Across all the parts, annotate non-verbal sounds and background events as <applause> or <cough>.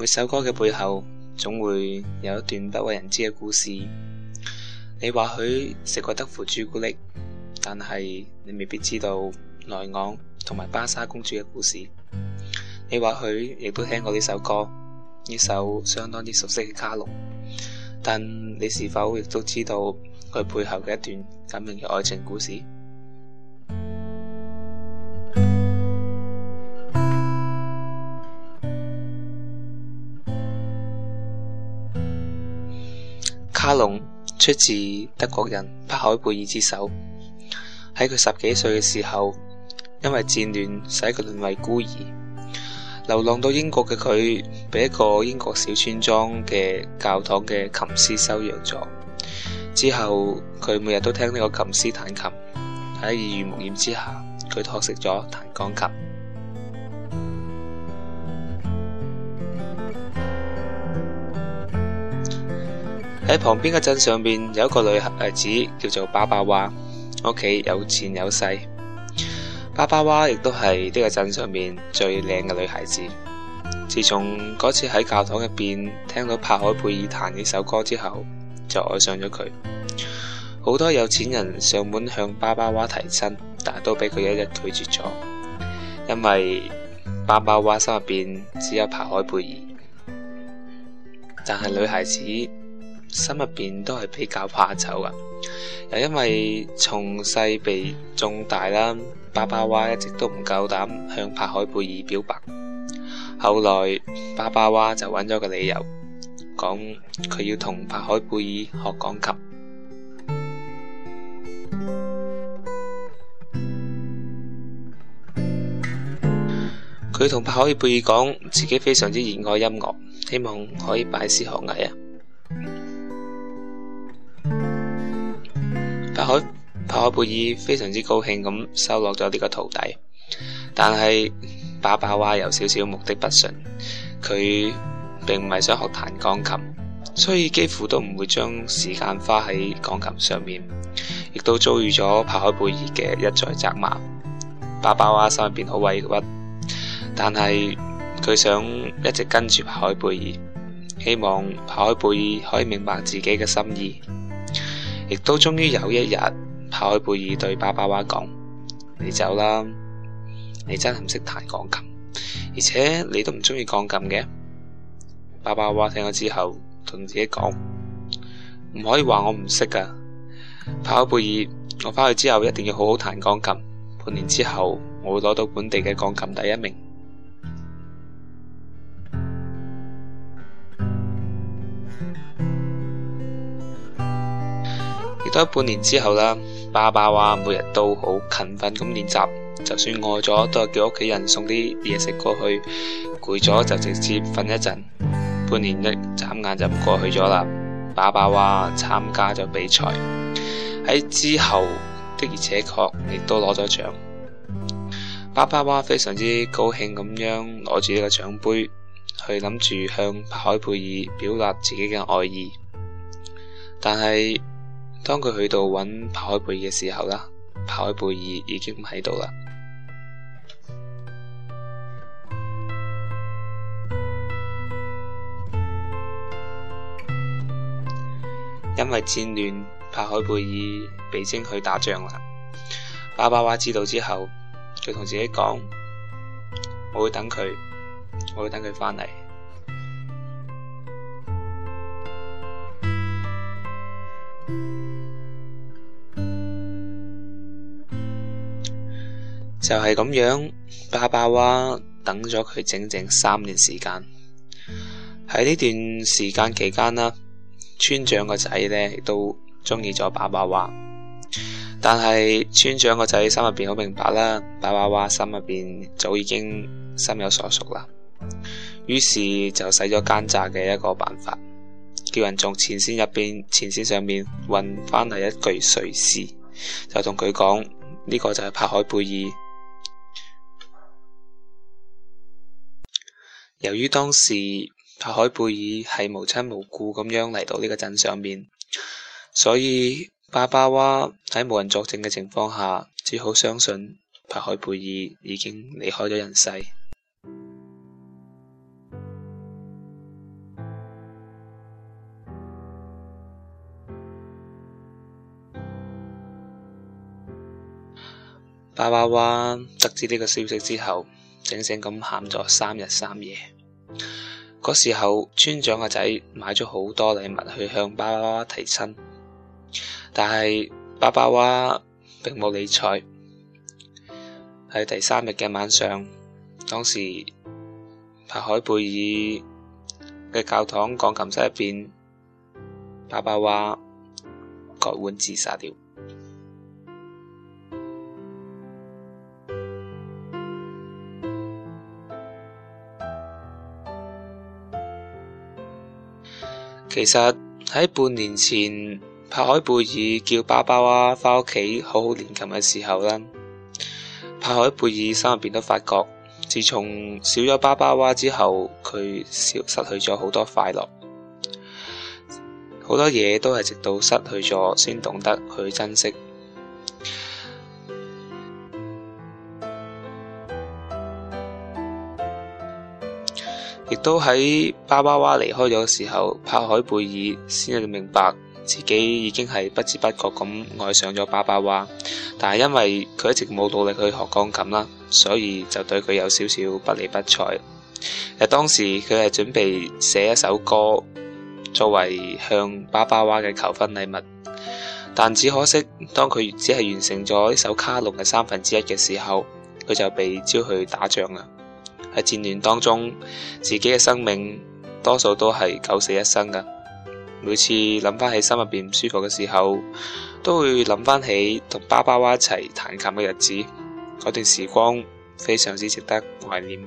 每首歌嘅背後總會有一段不為人知嘅故事。你或許食過德芙朱古力，但係你未必知道萊昂同埋芭莎公主嘅故事。你或許亦都聽過呢首歌，呢首相當之熟悉嘅《卡農》，但你是否亦都知道佢背後嘅一段感人嘅愛情故事？卡農出自德國人帕海貝爾之手。喺佢十幾歲嘅時候，因為戰亂使佢淪為孤兒，流浪到英國嘅佢，被一個英國小村莊嘅教堂嘅琴師收養咗。之後佢每日都聽呢個琴師彈琴，喺耳濡目染之下，佢學識咗彈鋼琴。喺旁邊嘅鎮上面，有一個女孩子叫做巴巴娃，屋企有錢有勢。巴巴娃亦都係呢個鎮上面最靚嘅女孩子。自從嗰次喺教堂入邊聽到帕海貝爾彈呢首歌之後，就愛上咗佢。好多有錢人上門向巴巴娃提親，但都俾佢一一拒絕咗，因為巴巴娃心入邊只有帕海貝爾。但係女孩子。心入邊都係比較怕醜噶，又因為從細被重大啦，嗯、爸爸娃一直都唔夠膽向柏海貝爾表白。後來爸爸娃就揾咗個理由，講佢要同柏海貝爾學鋼琴。佢同柏海貝爾講自己非常之熱愛音樂，希望可以拜師學藝啊。柏貝爾非常之高興咁收落咗呢個徒弟，但係爸爸娃有少少目的不純，佢並唔係想學彈鋼琴，所以幾乎都唔會將時間花喺鋼琴上面，亦都遭遇咗柏海貝爾嘅一再責罵。爸爸娃心入邊好委屈，但係佢想一直跟住柏海貝爾，希望柏海貝爾可以明白自己嘅心意，亦都終於有一日。帕克貝爾對爸爸蛙講：你走啦，你真係唔識彈鋼琴，而且你都唔中意鋼琴嘅。爸爸蛙聽咗之後，同自己講：唔可以話我唔識噶。帕克貝爾，我翻去之後一定要好好彈鋼琴，半年之後我會攞到本地嘅鋼琴第一名。亦都喺半年之後啦。爸爸蛙每日都好勤奮咁練習，就算餓咗都係叫屋企人送啲嘢食過去，攰咗就直接瞓一陣。半年一眨眼就唔過去咗啦，爸爸蛙參加咗比賽，喺之後的而且確亦都攞咗獎。爸爸蛙非常之高興咁樣攞住呢個獎盃，去諗住向海佩爾表達自己嘅愛意，但係。當佢去到揾帕海貝爾嘅時候呢，帕海貝爾已經唔喺度啦。因為戰亂，帕海貝爾被徵去打仗啦。巴巴娃知道之後，佢同自己講：我會等佢，我會等佢返嚟。就係咁樣，爸爸蛙等咗佢整整三年時間。喺呢段時間期間啦，村長個仔咧亦都中意咗爸爸蛙，但係村長個仔心入邊好明白啦，爸爸蛙心入邊早已經心有所屬啦。於是就使咗奸詐嘅一個辦法，叫人從前線入邊前線上面運翻嚟一具碎屍。就同佢講，呢個就係帕海貝爾。由於當時帕海貝爾係無親無故咁樣嚟到呢個鎮上面，所以巴巴娃喺無人作證嘅情況下，只好相信帕海貝爾已經離開咗人世。巴巴娃得知呢個消息之後，醒醒咁喊咗三日三夜。嗰時候，村長個仔買咗好多禮物去向巴巴娃提親，但係巴巴娃並冇理睬。喺第三日嘅晚上，當時柏海貝爾嘅教堂鋼琴室入邊，巴巴娃割腕自殺了。其實喺半年前，帕海貝爾叫巴巴娃翻屋企好好練琴嘅時候啦，帕海貝爾心入邊都發覺，自從少咗巴巴娃之後，佢少失去咗好多快樂，好多嘢都係直到失去咗先懂得去珍惜。亦都喺芭芭娃離開咗嘅時候，帕海貝爾先至明白自己已經係不知不覺咁愛上咗芭芭娃，但係因為佢一直冇努力去學鋼琴啦，所以就對佢有少少不理不睬。誒，當時佢係準備寫一首歌作為向芭芭娃嘅求婚禮物，但只可惜當佢只係完成咗一首卡農嘅三分之一嘅時候，佢就被召去打仗啦。喺戰亂當中，自己嘅生命多數都係九死一生㗎。每次諗翻起心入邊唔舒服嘅時候，都會諗翻起同爸爸一齊彈琴嘅日子，嗰段時光非常之值得懷念。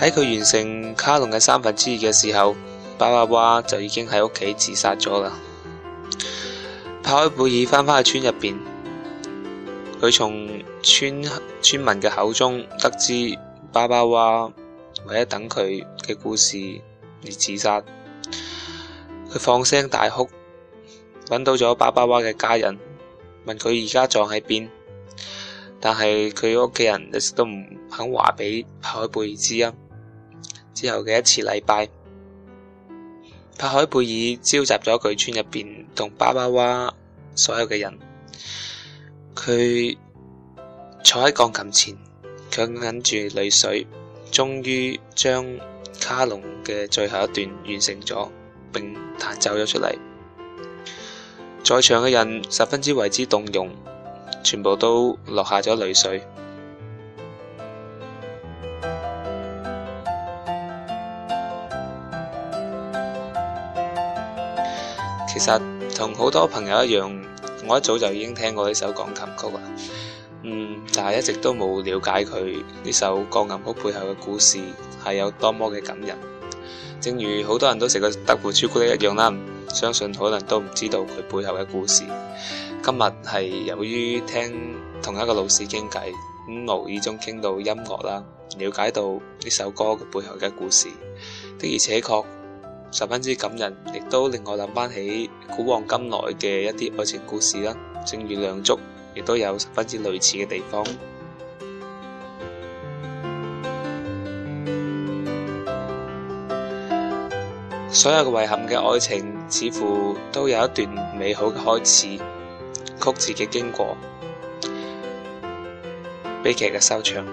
喺佢 <music> 完成。卡龍嘅三分之二嘅時候，巴巴娃就已經喺屋企自殺咗啦。帕克貝爾翻返去村入邊，佢從村村民嘅口中得知巴巴娃為咗等佢嘅故事而自殺。佢放聲大哭，揾到咗巴巴娃嘅家人，問佢而家葬喺邊，但係佢屋企人一直都唔肯話俾帕克貝爾知啊。之後嘅一次禮拜，柏海貝爾召集咗佢村入邊同巴巴娃所有嘅人，佢坐喺鋼琴前，強忍住淚水，終於將卡農嘅最後一段完成咗，並彈奏咗出嚟。在場嘅人十分之為之動容，全部都落下咗淚水。其實同好多朋友一樣，我一早就已經聽過呢首鋼琴曲啦，嗯，但係一直都冇了解佢呢首鋼琴曲背後嘅故事係有多麼嘅感人。正如好多人都食過德芙朱古力一樣啦，相信可能都唔知道佢背後嘅故事。今日係由於聽同一個老師傾偈，咁無意中傾到音樂啦，了解到呢首歌背後嘅故事，的而且確。十分之感人，亦都令我諗翻起古往今來嘅一啲愛情故事啦。正如梁祝，亦都有十分之類似嘅地方。 <noise> 所有嘅遺憾嘅愛情，似乎都有一段美好嘅開始，曲折嘅經過，悲劇嘅收場。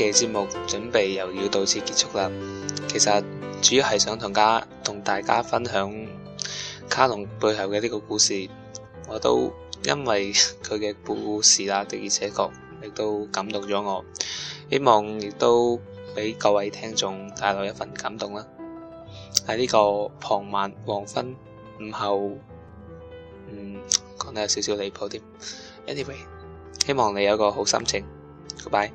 嘅節目準備又要到此結束啦。其實主要係想同家同大家分享卡龍背後嘅呢個故事，我都因為佢嘅故事啦，的而且確亦都感動咗我。希望亦都俾各位聽眾帶嚟一份感動啦。喺呢個傍晚黃昏午後，嗯，講得有少少離譜啲。Anyway，希望你有個好心情。Goodbye。